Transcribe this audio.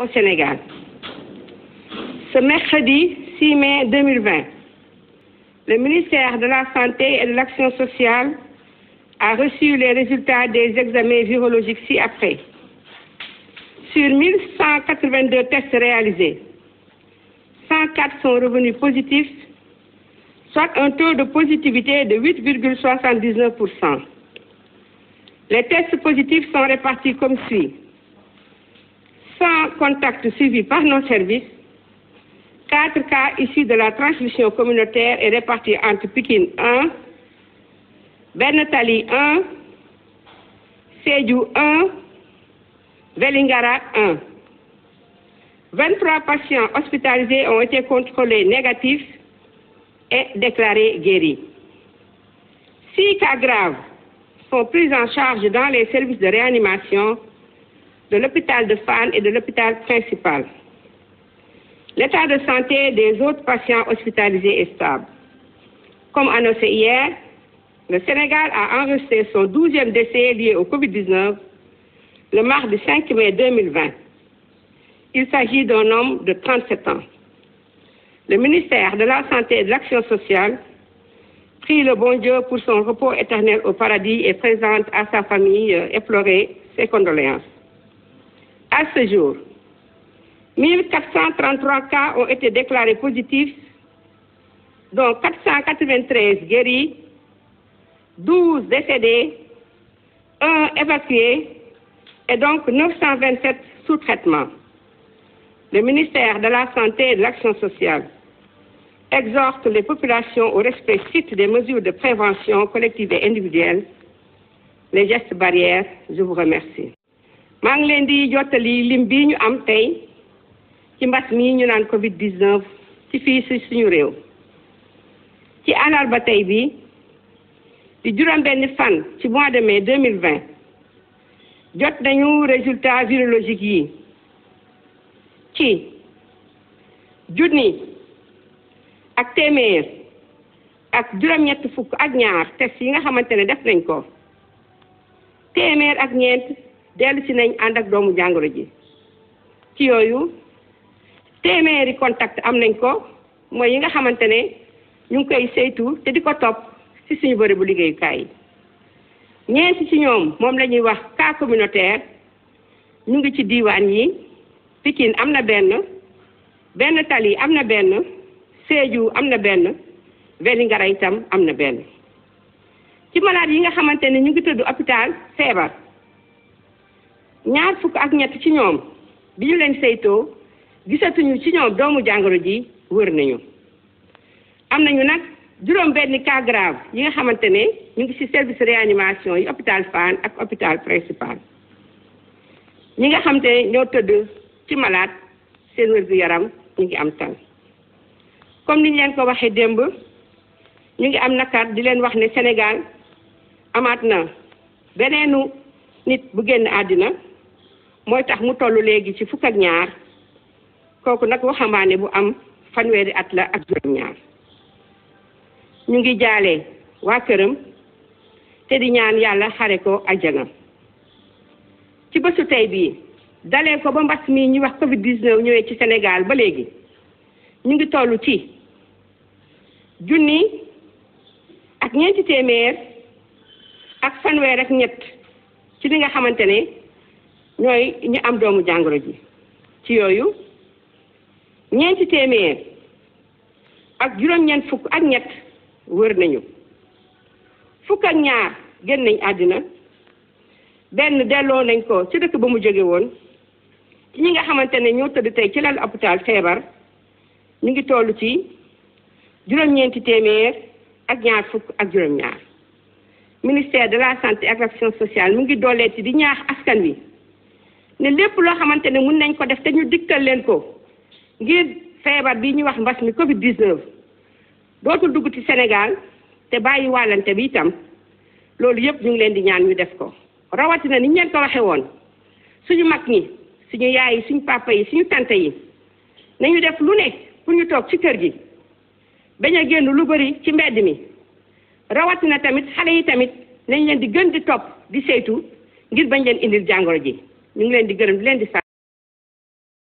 au Sénégal. Ce mercredi 6 mai 2020, le ministère de la Santé et de l'Action sociale a reçu les résultats des examens virologiques ci-après. Sur 1182 tests réalisés, 104 sont revenus positifs, soit un taux de positivité de 8,79 Les tests positifs sont répartis comme suit. 100 contacts suivis par nos services, 4 cas issus de la transmission communautaire et répartis entre Pikine 1, Benetali 1, Sédhiou 1, Vélingara 1. patients hospitalisés ont été contrôlés négatifs et déclarés guéris. 6 cas graves sont pris en charge dans les services de réanimation de l'hôpital de Fann de l'hôpital principal. L'état de des autres patients hospitalisés est Comme annoncé hier, le Sénégal a enregistré son douzième décès lié au Covid-19 le mardi de 37 ans. Le ministère la Santé et de l'Action sociale prie le bon Dieu pour son repos à sa famille euh, éplorée À ce jour, 1433 cas ont été déclarés positifs, dont 493 guéris, 12 décédés, 1 évacué et donc 927 sous traitement. Le ministère de la Santé et de l'Action sociale les populations au respect de prévention collective et individuelle, maa ngi leen di jottali lim bii ñu am tey ci mbas mi ñu naan Covid 19 ci fii si suñu réew ci ba tey bii di juróom-benni fan ci mois de mais mille 2020 jot nañu résultat virologique yi ci junni ak téeméer ak juróom-ñett fukk ak ñaar test yi nga xamante ne def nañ ko téeméer ak ñeent. dellu ci nañ ànd ak doomu jàngoro ji ci yooyu téeméeri contact am nañ ko mooy yi nga xamante ne ñu ngi koy saytu te di ko topp ci suñu bëri bu liggéeyukaay yi ñeenti ci ñoom moom lañuy ñuy wax cas communautaire ñu ngi ci diiwaan yi pikin am na benn benn tali am na benn Sédhiou am na benn Vélingara itam am na benn ci malade yi nga xamante ne ñu ngi tëdd hôpital feebar ñaar fukk ak ñett ci ñoom bi ñu leen saytoo gisatuñu ci ñoom doomu jàngoro ji wër nañu am nañu nag juróom benn cas yi nga xamante ne ñu ngi ci service réanimation yi hôpital Fann ak hôpital principal ñi nga xam te ñoo tëdd ci malaat seen wér-gu-yaram ñu ngi am tan comme ni leen ko waxee démb ñu ngi am nakar di leen wax ni Sénégal amaat na beneenu nit bu génn àddina mooy tax mu tollu léegi ci fukk ak ñaar kooku nag waxambaane bu am fanweeri at la ak juróom-ñaar ñu ngi jaalee waa këram te di ñaan yàlla xare ko ajjana ci bésu tey bii dalee ko ba mbas mi ñuy wax Covid 19 ñëwee ci Sénégal ba léegi ñu ngi tollu ci junni ak ñeenti téeméer ak fanweer ak ñett ci li nga xamante ne. ñooy ñi am doomu jàngoro ji ci yooyu ñeenti téeméer ak juróom-ñeent fukk ak ñett wër nañu fukk ak ñaar génn nañ àddina benn delloo nañ ko ci dëkk ba mu jóge woon ci ñi nga xamante ne ñoo tëdd tey ci lal hôpital feebar ñu ngi toll ci juróom-ñeenti téeméer ak ñaar fukk ak juróom-ñaar ministère de la santé ak action sociale mu ngi ci di ñaax askan wi ne lépp loo xamante ne mun nañ ko def te ñu dikkal leen ko ngir feebar bi ñuy wax mbas mi Covid 19 dootul dugg ci Sénégal te bàyyi wàllante bi itam loolu yëpp ñu ngi leen di ñaan ñu def ko. rawatina ni ñu leen ko waxee woon suñu mag ñi suñu yaay yi suñu papa yi suñu tante yi nañu def lu ne pour ñu toog ci kër gi bañ a génn lu bari ci mbedd mi rawatina tamit xale yi tamit nañ leen di gën di topp di saytu ngir bañ leen indil jàngoro ji. ñu ngi leen di gërëm di di sant